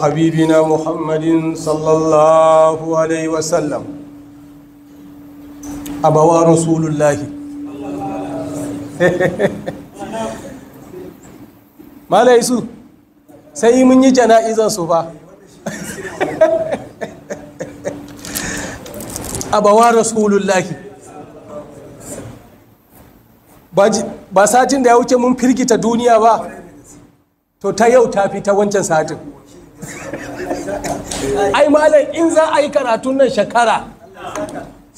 حبيبنا محمد صلى الله عليه وسلم أبوا رسول الله mala isu sai mun yi jana'izan su fa abawa rasulullahi ba satin da ya wuce mun firgita duniya ba to ta yau ta fi ta wancan satin ai malam in za a yi karatun nan shekara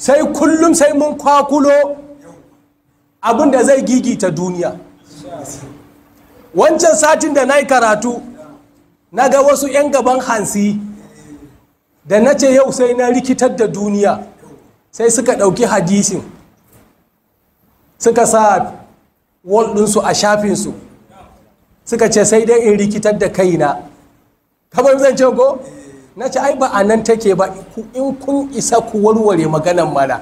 sai kullum sai mun kwakulo abin da zai gigita duniya wancan satin da na yi karatu na ga wasu 'yan gaban hansi da na ce yau sai na rikitar da duniya sai suka ɗauki hadisin suka sa waldinsu a shafinsu suka ce sai dai in rikitar da kaina kamar zan ce ko na ce ai ba a nan take ba in kun isa ku warware maganan mana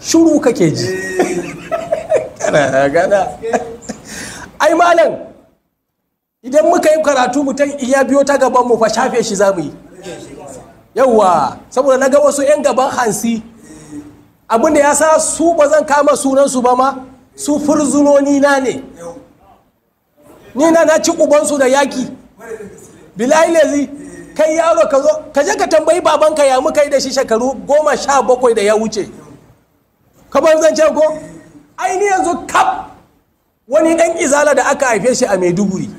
shuru kake ji eh. kana gana ai malam idan muka yi karatu mutum iya biyo ta gaban mu fa shafe shi zamu yi yawwa saboda na ga wasu yan gaban hansi abin da ya sa su ba zan kama sunansu ba ma su furzunoni na ne ni na na ci ubansu da yaki bilahi lazi kai yaro ka zo ka je ka tambayi babanka ya muka yi da shi shekaru goma sha bakwai da ya wuce ban zan ce ko ni yanzu kaf wani ɗan izala da aka haife shi a maiduguri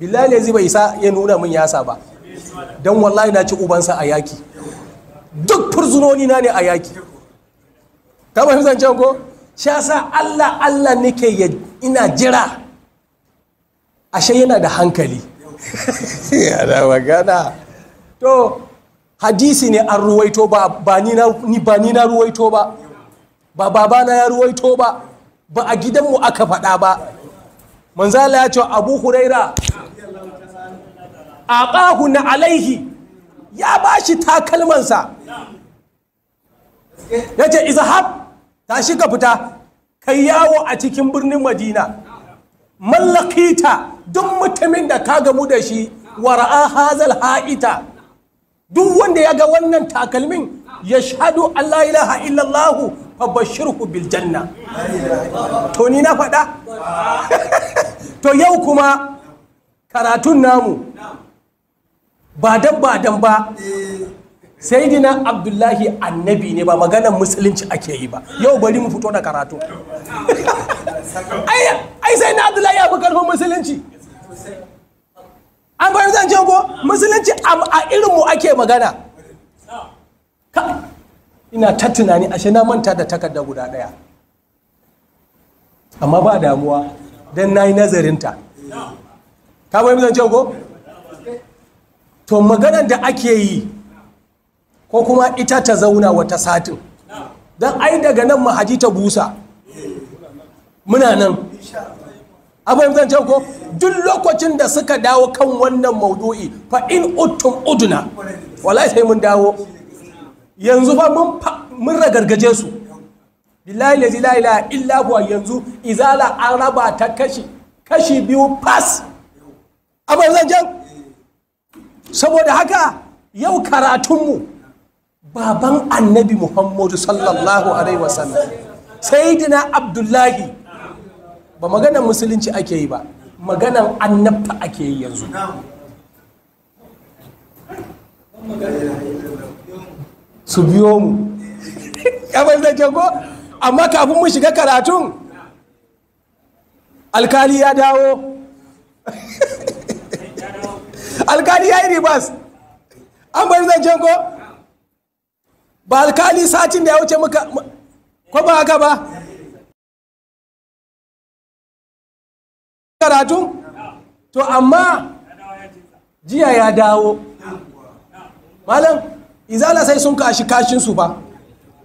bilali yanzu bai isa ya nuna min yasa ba don wallahi na ci ubansa a yaki duk furzunoni na ne a yaki kama yi zancen ko shi yasa allah allah nake ina jira ashe yana da hankali yana magana to hadisi ne an ruwaito ba ni na ruwaito ba ba babana ya ruwaito ba ba a gidanmu aka faɗa ba manzala ya ce abu huraira aqahu na alaihi ya ba shi takalmansa ya ce izahab tashi ka fita kai yawo a cikin birnin madina mallakita duk mutumin da ka gamu da shi wara'a hazal ha'ita duk wanda ya ga wannan takalmin ya shaɗu Allah ilaha illallahu fabashirku biljanna na, to ni na faɗa to yau kuma karatun namu ba dabba dan ba sai abdullahi annabi ne ba maganar musulunci ake yi ba yau bari mu fito da karatu ai sai na abdullahi abu karfin musulunci an zan ce ko musulunci a irinmu ake magana ina ta tunani ashe na manta da takarda guda ɗaya amma ba damuwa don na yi nazarinta ka bayan cewa ko? to maganar da ake yi ko kuma ita ta zauna wata satin don ai daga nan mahaji ta busa muna nan abin zan ko duk lokacin da suka dawo kan wannan maudu'i fa in uttum uduna wallahi sai mun dawo yanzu ba mun ragargaje su billahi lazi la ilaha illa huwa yanzu izala an raba ta kashi kashi biyu pass abin zanjan saboda haka yau karatunmu baban annabi muhammadu sallallahu alaihi wasallam sayidina abdullahi ba maganan musulunci ake yi ba maganan annabta ake yi yanzu su biyo mu kamar da ke ko amma kafin mu shiga karatun alkali ya dawo alkali ya yi ribas an bari zancen ko ba alkali satin da ya wuce muka ko ba haka ba karatu to amma jiya ya dawo malam izala sai sun kashi kashin su ba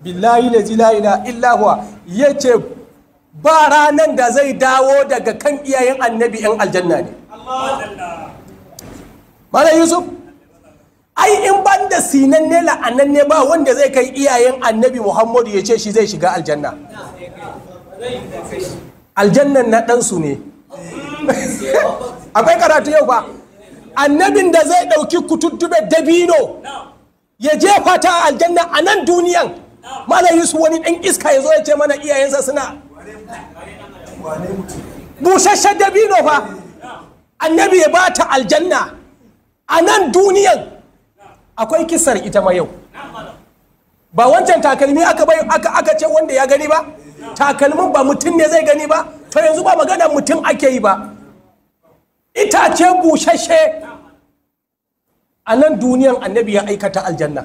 billahi la ilaha illa huwa yace ba ranan da zai dawo daga kan iyayen annabi yan aljanna ne Malam Yusuf ai in ban da sinan ne la'anan ne ba wanda zai kai iyayen annabi Muhammadu ya ce shi zai shiga aljanna aljannan na ɗansu ne akwai karatu yau ba annabin da zai ɗauki kututtube dabino ya jefa a aljanna a nan duniyan malam yusuf wani ɗan iska ya zo ya ce mana iyayensa suna busasshen dabino fa annabi ya ba ta aljanna a nan duniyan akwai kisar ita ma yau ba wancan takalmi aka aka aka ce wanda ya gani ba takalmin ba mutum ne zai gani ba to yanzu ba magana mutum ake yi ba itace busasshe a nan duniyan annabi ya aikata aljanna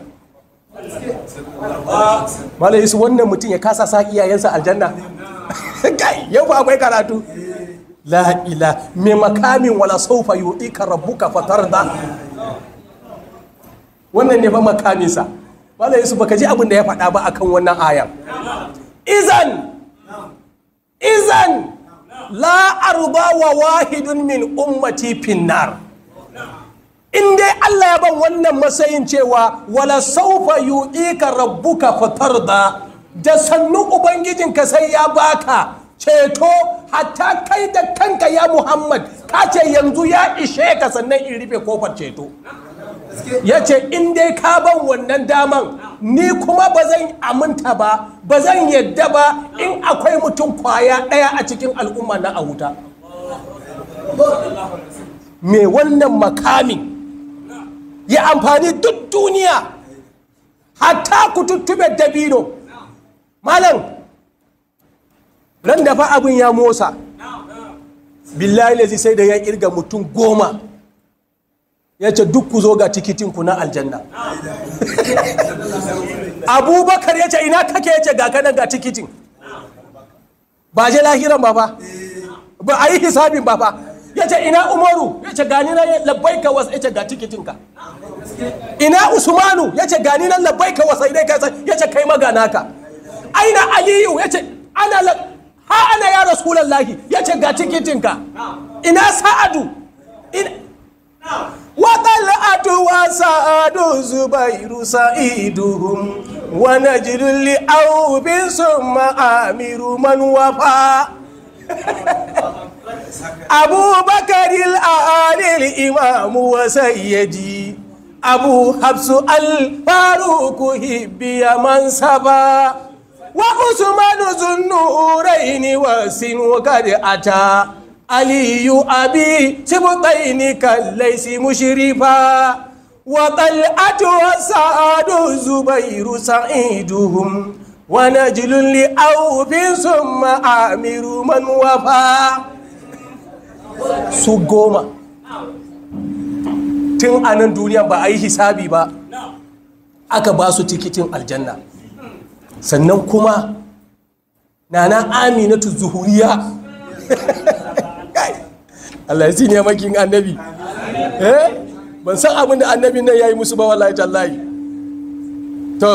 malai isu wannan mutum ya kasa sa iyayensa aljanna yau ba akwai karatu la ila makamin wala saufa ka fatar da. wannan ne ba makaminsa malai isu baka ji abin da ya faɗa ba akan wannan ayan izan izan la arba wa wahidun min ummati finnar in dai Allah ya ban wannan matsayin cewa wala saufa rabu rabbuka fatarda da sannu ubangijin ka sai ya baka ceto hatta kai da kanka ya Muhammad ka ce yanzu ya ishe ka sannan in rufe kofar ceto ya ce in dai ka ban wannan daman ni kuma ba zan aminta ba ba zan yadda ba in akwai mutum kwaya ɗaya a cikin al'umma na a wuta me wannan makamin ya amfani duk duniya hatta ku tuttube dabino malam ran da fa abin ya motsa billahi lazi sai da ya kirga mutum goma ya ce duk ku zo ga tikitinku na aljanna abubakar ya ce ina kake ya ce ga kanan ga tikitin ba je lahiran ba ba ba a yi hisabin ba ba ya ce ina umaru ya ce gani na labbai ka wasu ya ce ga tikitinka ina usmanu ya ce gani na labbai ka wasu idai ka ya ce kai magana ka aina aliyu ya ce ana ha ana ya rasulallahi ya ce ga tikitinka ina sa'adu ina wa sa'adu zubairu زبير سعيدهم ونجد li'aubin ثم آمر من وفى abubakar al'adil imamu wa sayyadi abu habsu al-faruku man saba wa Usman zunnuraini wa sinu kad ata aliyu abi sibutaini kallaisi mushrifa wa tal'atu wa sa'adu zubairu sa'iduhum ونجل لأوف ثم آمر من fa? su goma tun a nan duniya ba a yi hisabi ba aka ba su tikitin aljanna sannan kuma na na Amina tu zuhuriya Allah ya ne makin annabi eh? ban san abin da annabin nan yi musu ba wallahi tallahi to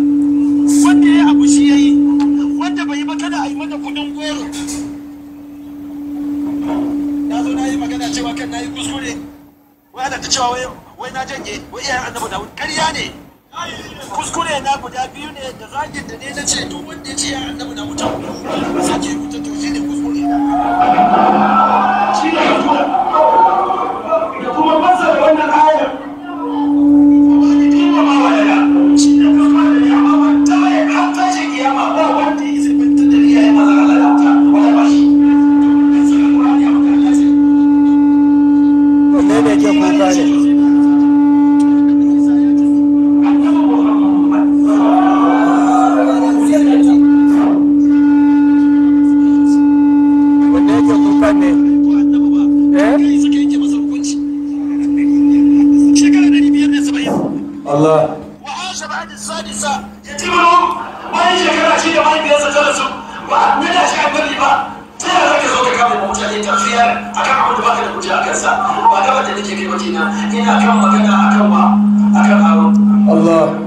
kuwero na zo na yi magana cewa kan na yi kuskure wai ana ta cewa wai na janye wai iyayen annabi ƙarya ne kuskure na guda biyu ne da zagin da ne na ce duk wanda ya ce iyayen annabi dawud ta kuma sake yi kuta to shi ne kuskure shi ne da kuma masa da wannan ayar sa ba gaba da nake kai ina kan magana akan wa akan Allah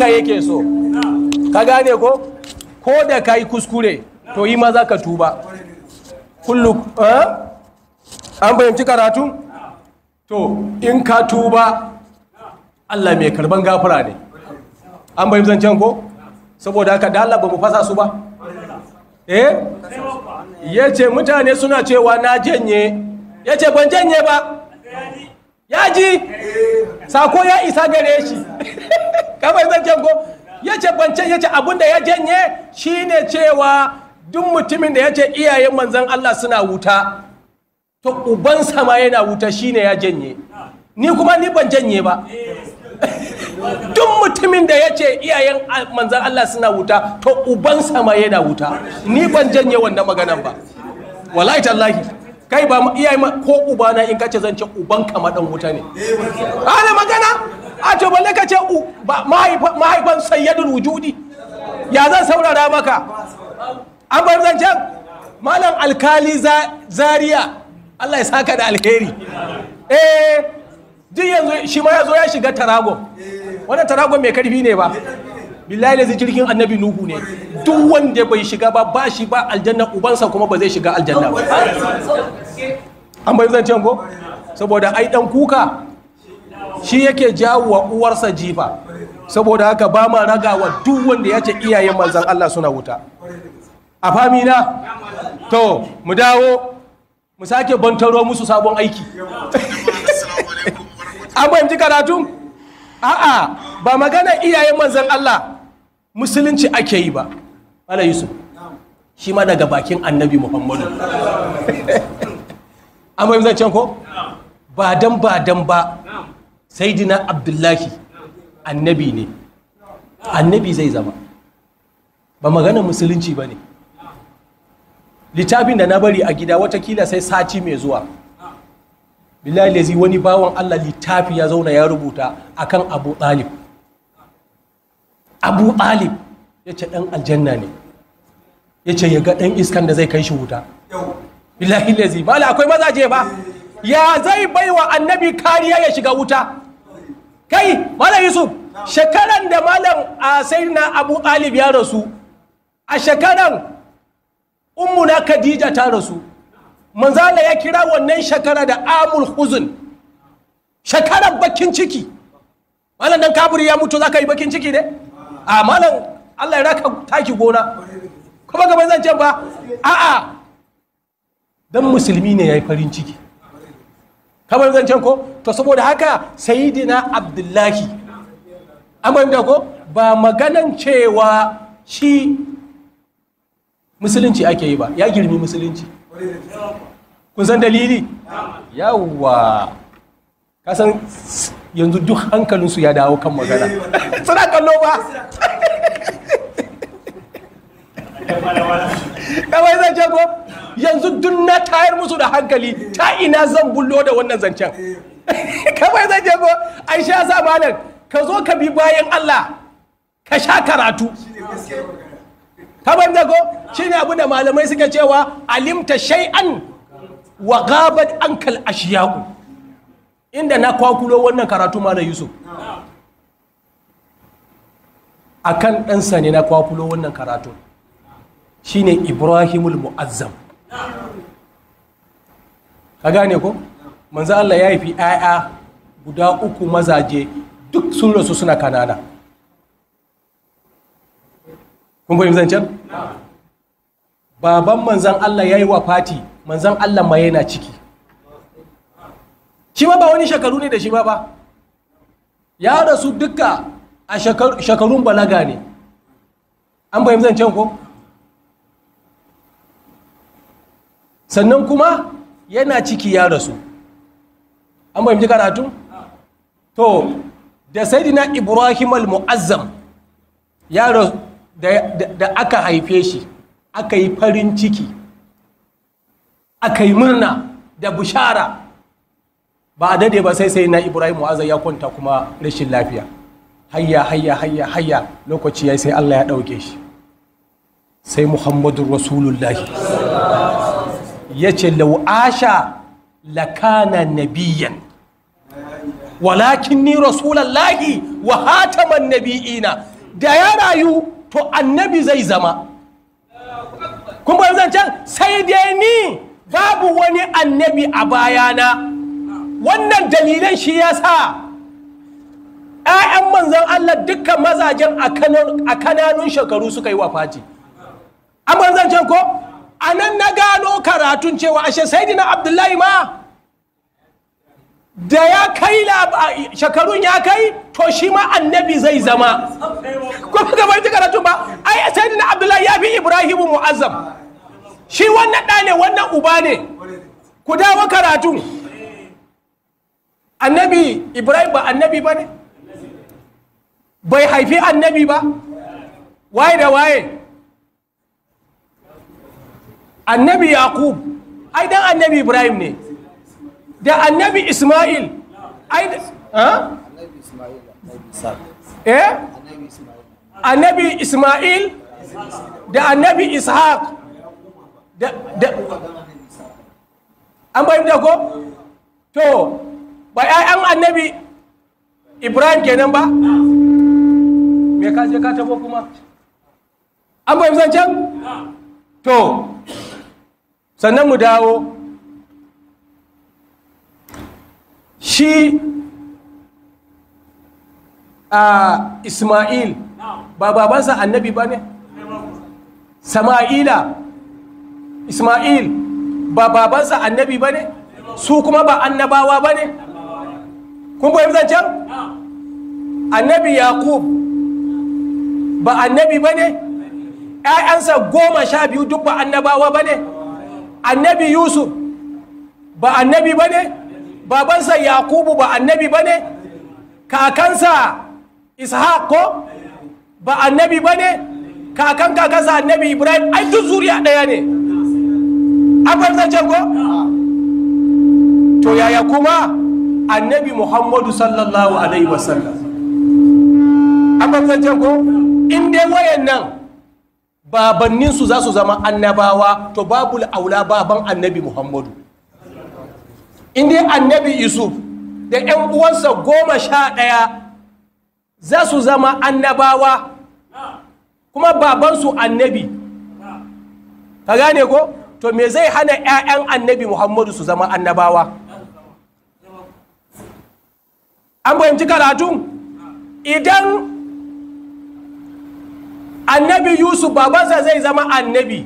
haka yake so ka gane ko ko da ka yi kuskure to yi maza ka tuba kullu eh? an fahimci karatu to in ka tuba allah mai karban gafara ne an fahimci zancen ko saboda haka da allah ba mu fasa su ba eh ya ce mutane suna cewa na janye ya ce ban janye ba ya ji sako ya isa gare shi kamar zancen ko ya ce bance ya ce da ya janye shine cewa duk mutumin da ya ce iyayen manzan Allah suna wuta to uban sama yana wuta shine ya janye ni kuma ni ban janye ba duk mutumin da ya ce iyayen manzan Allah suna wuta to uban sama yana wuta ni ban janye wannan maganan ba wallahi tallahi kai ba iyaye ko uba na in kace zance uban kama dan wuta ne ana magana a to balle ka ce mahaifan sayyadun wujudi ya zan saurara maka an bar zancen malam alkali zaria allah ya saka da alheri eh duk yanzu shi ma ya zo ya shiga taragon wannan taragon mai karfi ne ba billahi lazi jirgin annabi nuhu ne duk wanda bai shiga ba ba shi ba aljanna ubansa kuma ba zai shiga aljanna ba an bai zancen ko saboda ai dan kuka shi yake jawo wa uwarsa jifa saboda haka ba ma wa duk wanda ya ce iyayen manzan Allah suna wuta a famina to mu dawo mu sake bantaro musu sabon aiki abin ji karatu a'a ba magana iyayen manzan Allah musulunci ake yi ba ala yusuf shi ma daga bakin annabi muhammadu an bayan zancen ko ba dan ba dan ba saidina abdullahi annabi ne annabi zai zama ba magana musulunci ba ne littafin da na bari a gida watakila sai sati mai zuwa ya zi wani bawan allah littafi ya zauna ya rubuta akan abu ɗalib abu ɗalib ya ce ɗan aljanna ne ya ce ya ga ɗan iskan da zai kai shi wuta ya zi ba akwai mazaje ba ya zai baiwa annabi kariya ya shiga wuta kai malam yusuf shekaran da malam a sai na abu talib ya rasu a shekaran ummuna khadija ta rasu manzala ya kira wannan shekara da amul huzun shekarar bakin ciki malam dan kaburi ya mutu zaka yi bakin ciki ne a malam Allah ya raka taki gona kuma gaban zan ce ba a'a dan musulmi ne ya yi farin ciki kamar zancen ko to saboda haka sayidina abdullahi an da ko ba maganan cewa shi musulunci ake yi ba ya girmi musulunci kun san dalili yawwa kasan yanzu duk hankalinsu ya dawo kan magana suna kallo ba kamar ko yanzu duk na tayar musu da hankali ta ina zan bullo da wannan zancen Kamar zan je ko ai sha sa malam ka zo ka bi bayan Allah ka sha karatu kamar banda ko shine abu da malamai suka cewa alimta shay'an wa ghabat ankal ashiyaku inda na kwakulo wannan karatu malam Yusuf akan dan Sani na kwakulo wannan karatu shine Ibrahimul Mu'azzam ka gane ko manzo Allah ya haifi 'ya'ya guda uku mazaje duk sun rasu suna kanana kun fahimci zancen baban manzan Allah ya yi wa fati manzan Allah ma yana ciki shi ma ba wani shekaru ne da shi ba ba ya rasu duka a shekarun balaga ne an fahimci zancen ko sannan kuma yana ciki ya rasu an fahimci karatu to da saidina ibrahim al-mu'azzam ya da aka haife shi aka yi farin ciki aka yi murna da bushara ba a dade ba sai sai na ibrahim mu'azzam ya kwanta kuma rashin lafiya hayya hayya hayya hayya lokaci ya sai allah ya ɗauke shi sai muhammadu rasulullahi ya ce lau'asha lakana nabiyan walakin ni rasulallahi wa hataman nabi'ina da ya rayu to annabi zai zama kun bayan can sai dai ni babu wani annabi a bayana wannan dalilan shi ya sa ‘ya'yan manzan Allah dukkan mazajen a kananun shekaru suka yi wa fati. A manzan can ko? a nan na gano karatun cewa ashe saidina abdullahi ma da ya kai shekarun ya kai to shi ma annabi zai zama kuma gabar ji karatun ba ai na abdullahi ya fi ibrahimu mu'azzam shi wannan ɗa ne wannan uba ne ku dawo karatun annabi ibrahim ba annabi ba ne bai haifi annabi ba waye da waye annabi yaqub ai dan annabi ibrahim ne da annabi isma'il ai ha eh annabi isma'il da annabi ishaq da an bayan da ko to ba an annabi ibrahim kenan ba me ka je ka tabo kuma an bayan zancen to sannan mu dawo shi a isma'il ba babansa annabi ba ne sama'ila isma'il ba babansa annabi ba ne su kuma ba annabawa ba ne kun bayan zancen annabi yaqub ba annabi ba ne ‘ya'yansa goma sha biyu duk ba annabawa ba ne’ annabi yusuf ba annabi ba ne babansa yakubu ba annabi ba ne kakansa ishaq ko ba annabi ba ne kakan kakansa annabi ibrahim ai duk zuriya ɗaya ne akwai zancen ko to yaya kuma annabi muhammadu sallallahu alaihi wasallam akwai zancen ko inda wayan nan babanninsu za su zama annabawa to babu aula baban annabi muhammadu in dai annabi yusuf da 'yan uwansa goma sha ɗaya za su zama annabawa kuma babansu annabi ka gane ko to me zai hana 'ya'yan annabi muhammadu su zama annabawa an fahimci karatu idan annabi yusuf babansa zai zama annabi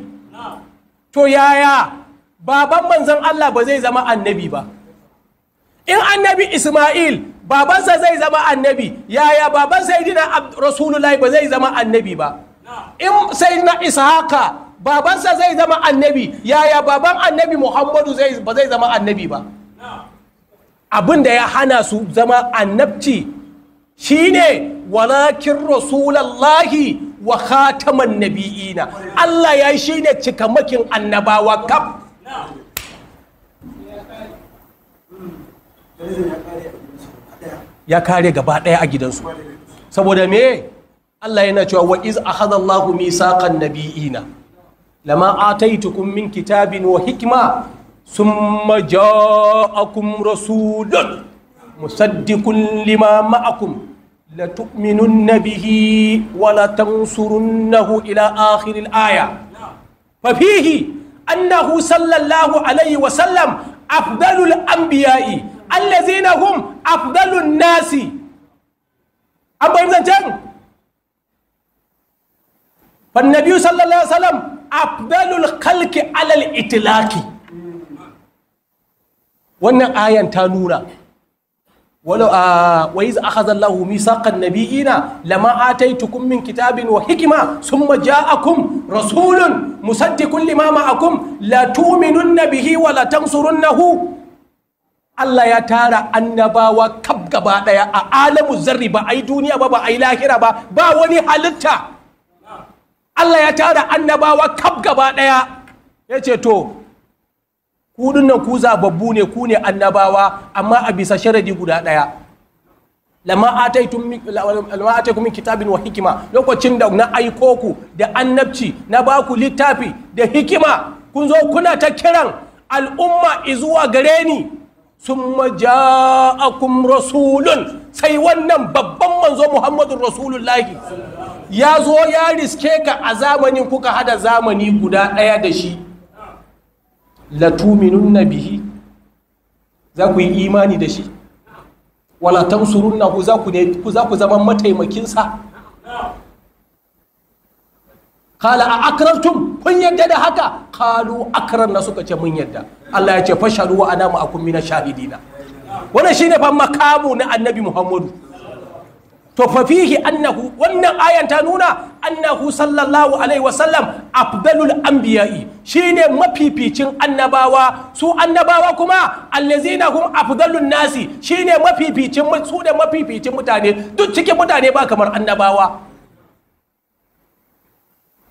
to yaya baban manzon allah ba zai zama annabi ba in annabi ismail babansa zai zama annabi yaya baban sayidina rasulullahi ba zai zama annabi ba in sayidina ishaka babansa zai zama annabi yaya baban annabi muhammadu ba zai zama annabi ba abin da ya hana su zama annabci shine walakin rasulallahi wa khataman nabiyina Allah ya yi shi ne cikamakin annabawa kaf ya kare gaba ɗaya a gidansu saboda me Allah yana cewa wa iz akhadha Allahu misaqan nabiyina lama ataitukum min kitabin wa hikma summa ja'akum rasulun musaddiqun lima ma'akum لتؤمنن به ولتنصرنه إلى آخر الآية ففيه أنه صلى الله عليه وسلم أفضل الأنبياء الذين هم أفضل الناس أبا يمزن فالنبي صلى الله عليه وسلم أفضل الخلق على الإطلاق wannan ayan ta nuna walau a ah, waiz na misaqan nabiyina lama ataitukum min kitabin wa hikima sun summa ja'akum rasulun musaddiqun lima ma'akum la tu'minunna bihi wa la Allah ya tara annabawa kaf gaba a alamu zarri ba ai duniya ba ba ai lahira ba ba wani halitta Allah ya tara annabawa kaf gaba yace to kudin nan ku babbu ne ku ne annabawa amma a bisa sharadi guda ɗaya lamma ataikum min kitabin wa hikima lokacin da na aiko ku da annabci na ba ku littafi da hikima kun zo kuna ta kiran al'umma izuwa gare ni summa ja'akum rasulun sai wannan babban manzo muhammadun rasulullahi ya zo ya riske ka a zamanin kuka hada zamani guda ɗaya da shi na bihi za ku yi imani da shi wala ta usurun na ku za ku zama mataimakinsa kala a a tun kun yadda da haka Kalu akarar na suka ce mun yadda Allah ya ce fashadu wa a akum na shahidina shi shine fa makamu na annabi Muhammadu to fa fihi annahu wannan ayan ta nuna annahu sallallahu alaihi wasallam afdalul anbiya'i shine mafificin annabawa su annabawa kuma allazina hum afdalun nasi shine mafificin su da mafificin mutane duk cikin mutane ba kamar annabawa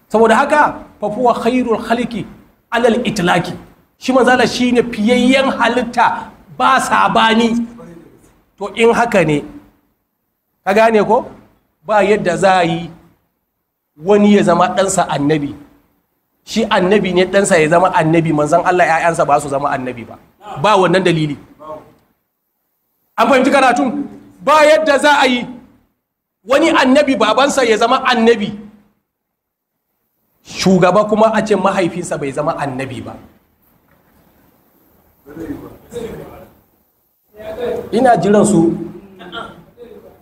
saboda haka fa huwa khairul khalqi alal itlaki shi manzala shine fiyayyen halitta ba sabani to in haka ne ka gane ko ba yadda za a yi wani ya zama ɗansa annabi shi annabi ne ɗansa ya zama annabi manzan Allah ‘ya'yansa ba su zama annabi ba ba wannan dalili an fahimci karatun ba yadda za a yi wani annabi babansa ya zama annabi shugaba kuma a ce mahaifinsa bai zama annabi ba ina jiran su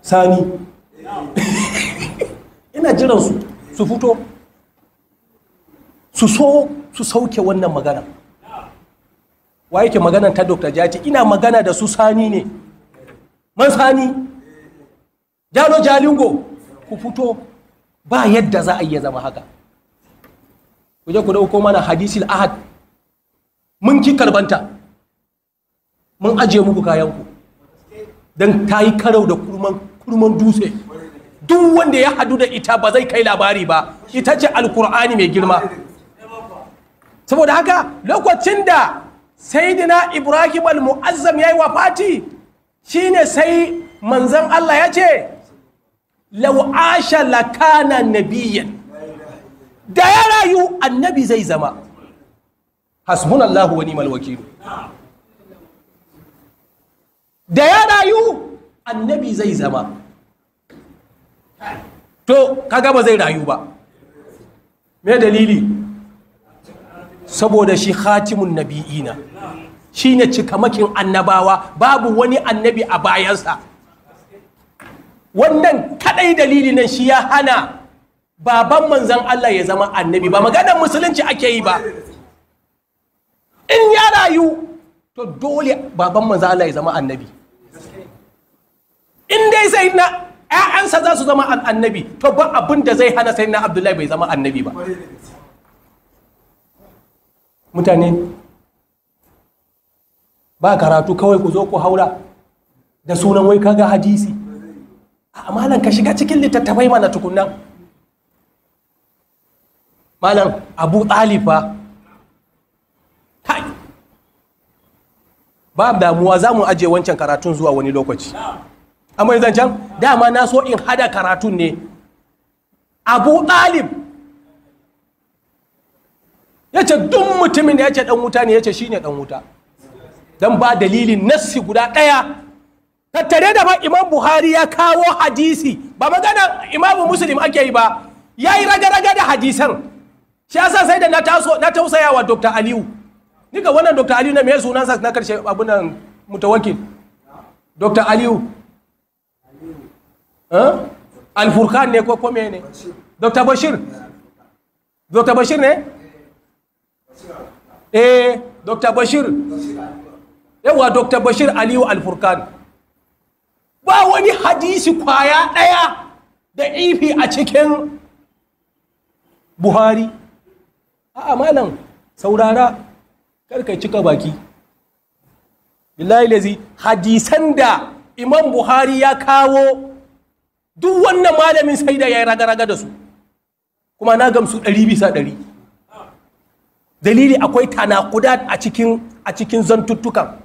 sani ina jiran su su fito su so su sauke wannan magana wa yake maganan ta dr jati ina magana da su sani ne man sani jalo jalingo ku fito ba yadda za a iya zama haka ku je ku dauko mana hadisil ahad mun ki karbanta mun aje muku kayanku don ta yi karau da kurman kurman dutse duk wanda ya hadu da ita ba zai kai labari ba ita ce alkur'ani mai girma saboda haka lokacin da saidina ibrahim al-mu'azzam ya yi wa fati shine sai manzan allah ya ce lau'asha lakana nabiyan da ya rayu annabi zai zama hasbunallahu wa ni'mal wakil da ya rayu annabi zai zama to kaga ba zai rayu ba me dalili saboda shi khatimun nabi'ina shi ne cikamakin annabawa babu wani annabi a bayansa wannan kadai dalili nan shi ya hana baban manzan Allah ya zama annabi ba maganar musulunci ake yi ba in ya rayu to dole baban manzan Allah ya zama annabi in dai sai na ƴaƴansa za su zama annabi to ba abin da zai hana sai na abdullahi bai zama annabi ba mutane ba karatu kawai ku zo ku haura da sunan wai kaga hadisi a malam ka shiga cikin littattafai mana tukunan malam abu ɗalifa ba damuwa za mu ajiye wancan karatun zuwa wani lokaci amma zancen dama na so in hada karatun ne abu ɗalib ya ce duk mutumin da ya ce ɗan wuta ne ya ce shi ne ɗan wuta don ba dalilin nassi guda ɗaya tattare da ma imam buhari ya kawo hadisi ba magana imamu muslim ake yi ba ya yi raga-raga da hadisan shi yasa sai da na tausaya wa dr aliyu nika wannan dr aliyu na mai sunansa na karshe abunan mutawakil dr aliyu alfurkan ne ko kome ne dr bashir dr bashir ne eh dr bashir yawa dr bashir aliyu alfurkan ba wani hadisi kwaya daya da ifi a cikin buhari a malam saurara karka cika baki billahi lazi hadisan da imam buhari ya kawo duk wannan malamin sai da ya yi raga-raga da su kuma na gamsu ɗari bisa ɗari dalili akwai tanakuda a cikin a cikin zantuttukan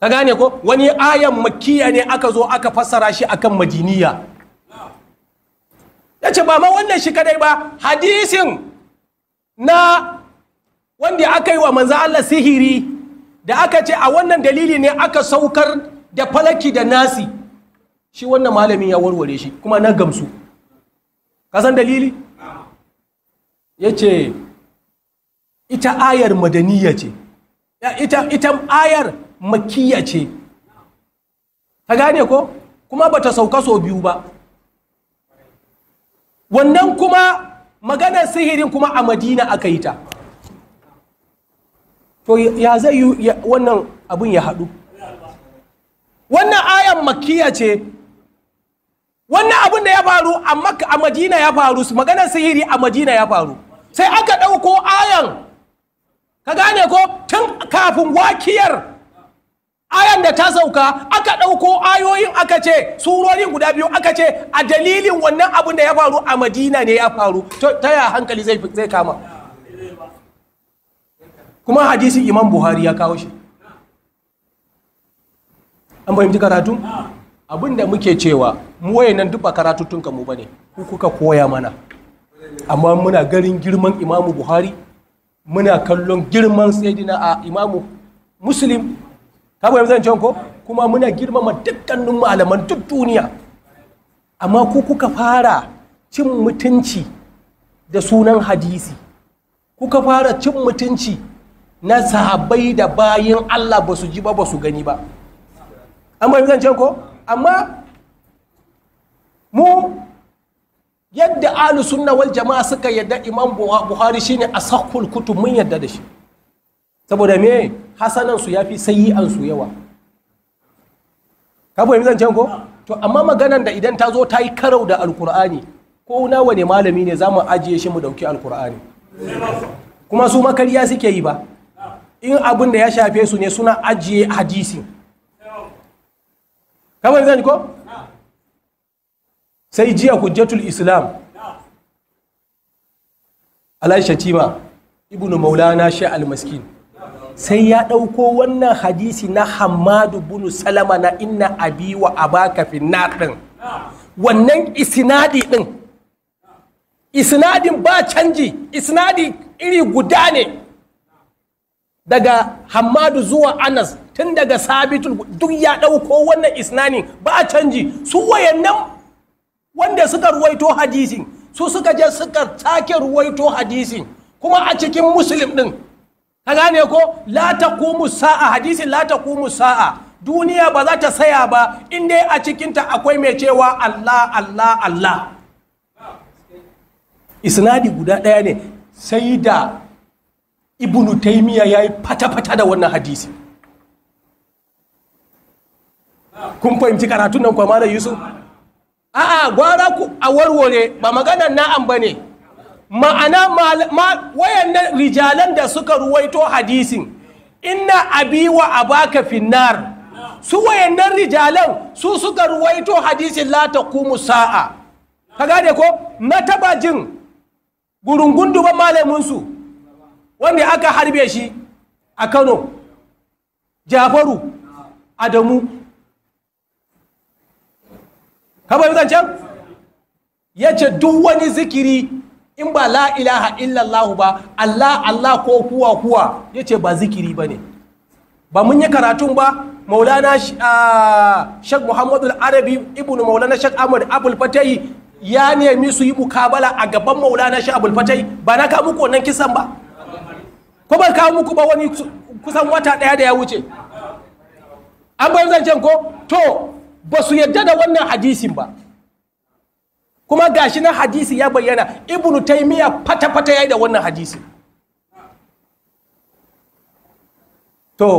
ka gane ko wani ayan makiya ne aka zo aka fassara shi akan madiniya ya ce ba ma wannan shi kadai ba hadisin na wanda aka yi wa manza Allah sihiri da aka ce a wannan dalili ne aka saukar da falaki da nasi shi wannan malamin ya warware shi kuma na gamsu kasan dalili ya ce ita ayar madaniya ce ita, ita ayar makiya ce ta gane ko kuma ba ta sauka sau biyu ba wannan kuma maganar sihirin kuma a madina aka yi ta to ya zai yi wannan abin ya haɗu wannan ayan makiya ce wannan abin da ya faru a madina ya faru su maganar sihiri a madina ya faru sai aka ɗauko ayan ka gane ko tun kafin wakiyar ayan da ta sauka aka ɗauko ayoyin aka ce surorin guda biyu aka ce a dalilin wannan abin da ya faru a madina ne ya faru ta ya hankali zai kama kuma hadisi imam buhari ya kawo shi an fahimci karatu? abin da muke cewa mu wayannan duk ba karatuttunka mu bane ku kuka koya mana amma muna garin girman imamu buhari muna kallon girman saidina a imamu muslim ka bayan zan ko kuma muna girmama dukkanin malaman duk duniya amma ku kuka fara cin mutunci da sunan hadisi kuka fara cin mutunci na sahabbai da bayan allah ba su ji ba ba su gani ba an bayan zan ko amma mu yadda alu sunna wal jama'a suka yadda imam buhari shine asakul kutub mun yadda da shi saboda me hasanan su yafi an su yawa ka fahimci zancen ko to amma maganan da idan ta zo ta yi karau da alkur'ani ko na wane malami ne zamu ajiye shi mu dauki alkur'ani kuma su makariya suke yi ba in abin da ya shafe su ne suna ajiye hadisi kamar zan ko sai jiya hujjatul islam alaisha shatima ibn maulana shi almaskin sai ya ɗauko wannan hadisi na hamadu bunu salama na inna abi wa abaka finna ɗin wannan isnadi ɗin isnadin ba canji isnadi iri guda ne daga hamadu zuwa anas tun daga sabitul duk ya ɗauko wannan isnani ba a canji su wayannan wanda suka ruwaito hadisin su suka je suka take ruwaito hadisi kuma a cikin muslim ɗin ka gane ko la taqumu sa'a hadisin la taqumu sa'a duniya ba za ta saya ba inda dai a cikinta akwai mai cewa Allah Allah Allah isnadi guda ɗaya ne sai da ibnu taimiyya ya yi fata-fata da wannan hadisi kun fahimci karatun nan kwamana yusuf a'a gwara ku a warware ba magana na'am ba ne ma'ana wayannan rijalan da suka ruwaito hadisin inna abi wa abaka finnar su wayannan rijalan su suka ruwaito hadisin lata kuma sa'a ka gane ko na taba jin gurungun duban malaminsu wanda aka harbe shi a Kano Jafaru Adamu ka bai zancen ya ce duk wani zikiri in ba la ilaha illallahu ba Allah Allah ko kuwa kuwa ya ce ba zikiri ba ne ba mun yi karatun ba maulana ah, shek muhammadu arabi ibn maulana shek amur abul fatayi ya nemi su yi mukabala a gaban maulana shek abul fatayi ba na kawo muku wannan kisan ba ko ba kawo muku ba wani kusan wata daya da ya wuce an bayan zancen ko to ba su yadda da wannan hadisin ba kuma gashi na hadisi ya bayyana ibnu taimiya fata-fata ya yi da wannan hadisi to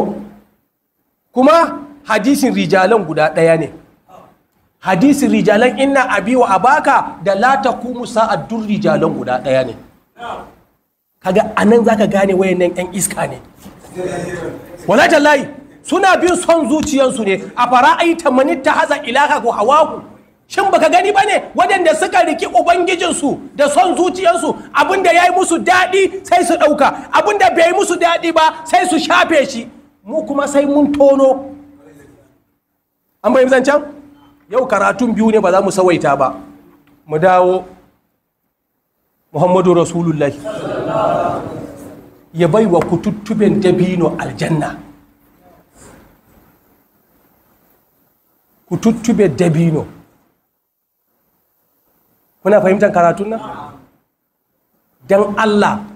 kuma hadisin rijalan guda ɗaya ne hadisin rijalan inna abi wa abaka da lata musa sa'ad dun rijalan guda ɗaya ne kaga anan ka gane wayannan 'yan iska ne wala suna bin son zuciyarsu ne a fara'aita manitta haza ilaka ko hawaku shin baka gani ne waɗanda suka riki ubangijinsu da son zuciyarsu abinda ya yi musu daɗi sai su ɗauka abinda bai yi musu daɗi ba sai su shafe shi mu kuma sai mun tono an bayyana zancen yau karatun biyu ne ba za mu sawaita ba mu dawo muhammadu rasulullahi ya bai wa kututtuben dabino aljanna ku tuttube dabino kuna fahimtar karatun nan don allah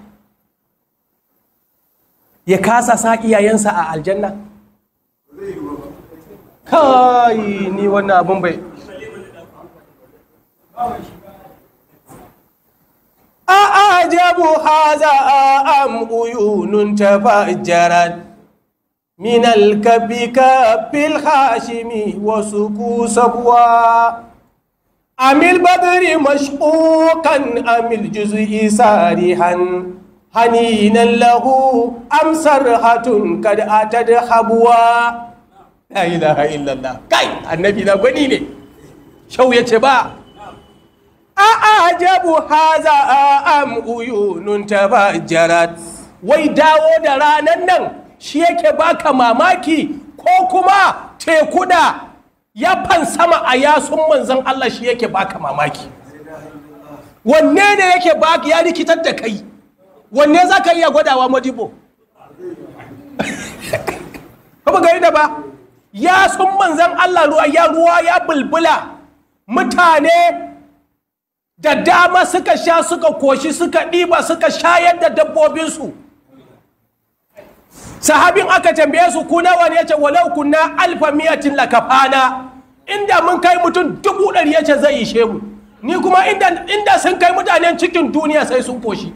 ya kasa sa iyayensa a aljanna kai ni wannan abin bai a ajabu haza a am uyunun tafajjarat من الكب كب الحاشم وسكو سكوى أم البدر مشقوقا أم الجزء سارحا هنينا له أم سرحة قد أتد حبوا لا إله إلا الله كاي النبي لا غني شو يتبع a'ajabu haza am uyunun tabajarat wai dawo da ranan nan shi yake baka mamaki ko kuma teku da yaban sama a yasun manzan Allah shi yake baka mamaki wanne ne yake baka ya rikitar da kai wanne za ka iya gwadawa madibo kuma gari da ba ya sun manzan Allah ruwa ya ruwa ya bulbula mutane da dama suka sha suka koshi suka ɗiba suka shayar da dabbobinsu sahabin aka tambaye su ku nawa ne yace walau kunna alfa miyatin lakafana inda mun kai mutum dubu dari yace zai ishe mu ni kuma inda inda sun kai mutanen cikin duniya sai sun koshi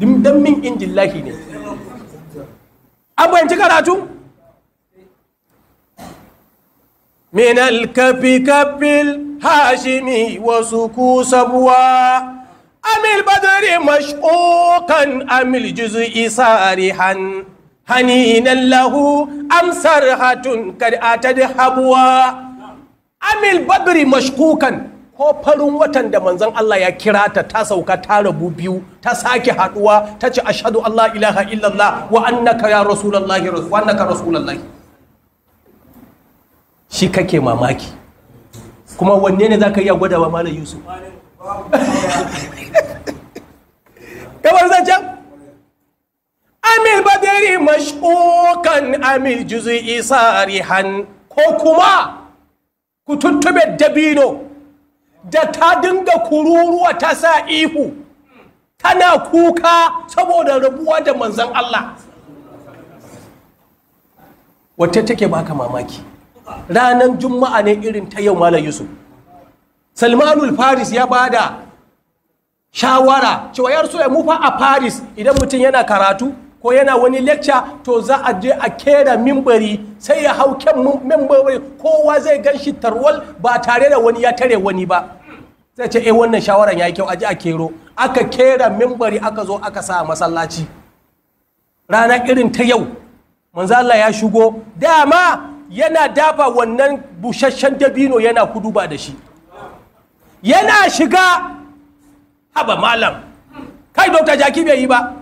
dan min injillahi ne an bayanci karatu min alkafi kafil hashimi wasu ku مشقوقا أم الجزء صارحا هنينا له أم سرحة قد أتد habuwa amil البدر مشقوقا ko farin watan da manzon Allah ya kira ta ta sauka ta rabu biyu ta sake haduwa ta ce ashadu Allah ilaha illallah wa annaka ya rasulullahi wa annaka rasulullahi shi kake mamaki kuma wanne ne zaka iya gwadawa malam Yusuf kamar zancen amil mash'okan mashukan amil isa sarihan ko kuma ku tuttube dabino da ta dinga kururuwa ta sa ihu tana kuka saboda rabuwa da manzan Allah wata take baka mamaki ranar juma'a ne irin ta yau malam yusuf salmanul faris ya bada shawara cewa ya rasu mu fa a paris idan mutum yana karatu ko yana wani lecture to za a je a kera mimbari sai ya hau kyan mimbari kowa zai gan shi tarwal ba tare da wani ya tare wani ba zai ce eh wannan shawaran ya yi kyau a ji a kero aka kera mimbari aka zo aka sa masallaci Ranar irin ta yau manzala ya shigo dama yana dafa wannan busasshen dabino yana ba da shi yana shiga haba malam kai jaki bai yi ba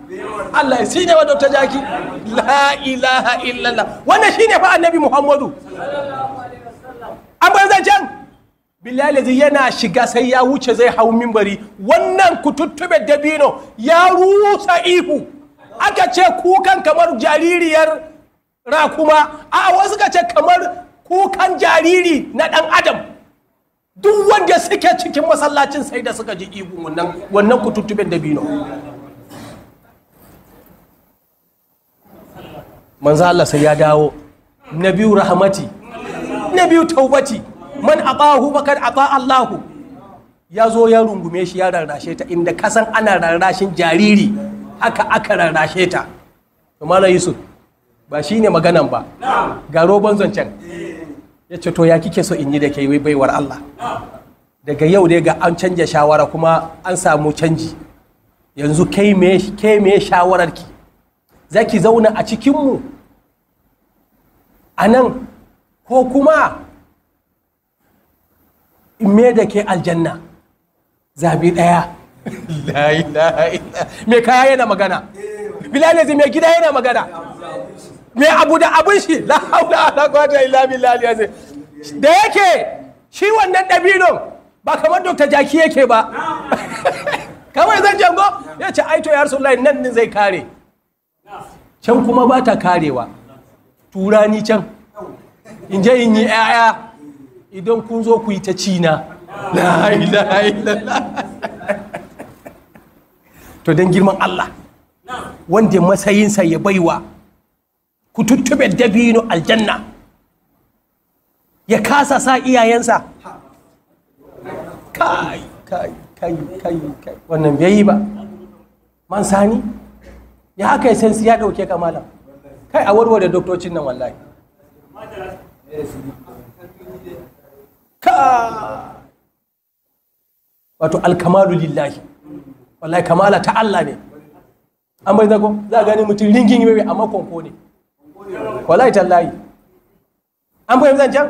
Allah ya ne wa dokta jaki la ilaha illallah wannan shine fa annabi muhammadu an bar zancen bilalazi yana shiga sai ya wuce zai hau mimbari wannan kututtube dabino ya rusa ihu aka ce kukan kamar jaririyar rakuma a wasu ka ce kamar kukan jariri na dan adam duk wanda suke cikin masallacin sai da suka ji ihu wannan wannan kututtuben bino manzo Allah sai ya dawo nabi Rahmati, nabi taubati man abahu bakar aba Allahu ya zo ya rungume shi ya rarrashe ta inda kasan ana rarrashin jariri haka aka rarrashe ta malam yusuf ba shine maganan ba ga roban zancen eh. ya ce to ya kike so in yi da ke yi baiwar Allah daga yau dai ga an canja shawara kuma an samu canji yanzu ke me shawararki za ki zauna a cikinmu a nan ko kuma me da ke aljanna zabi ɗaya me kaya yana magana eh. bilal mai gida yana magana Me abu da abin shi la haula ala quwwata illa billahi azim da yake shi wannan dabino ba kamar Dr. Jaki yake ba kamar zan jango ya ce aito ya rasulullahi nan ni zai kare can kuma ba ta karewa turani can in je in yi 'ya'ya idan kun zo ku yi ta cina la ilaha illallah to don girman Allah wanda sa ya baiwa ku tuttube dabino aljanna ya kasa sa iyayensa kai kai kai kai kai wannan bai yi ba man sani ya haka ya sensi ya dauke malam kai a warware doktocin nan wallahi ka wato alkamalu lillahi wallahi kamala ta Allah ne an bai zago za a gani mutum ringin yi mai amma konko ne wallahi tallahi an fahimci zancen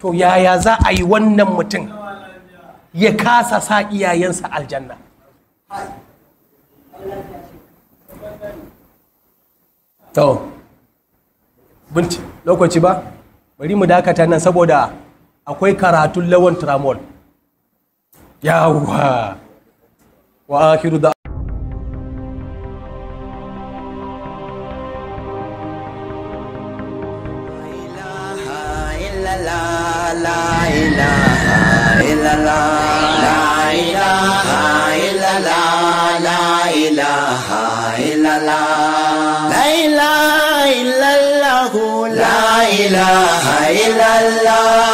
to yaya za a yi wannan mutum ya kasa sa iyayensa aljanna to binci lokaci ba bari mu dakata nan saboda akwai karatun lawan tramol yawwa wa akhiru da Allah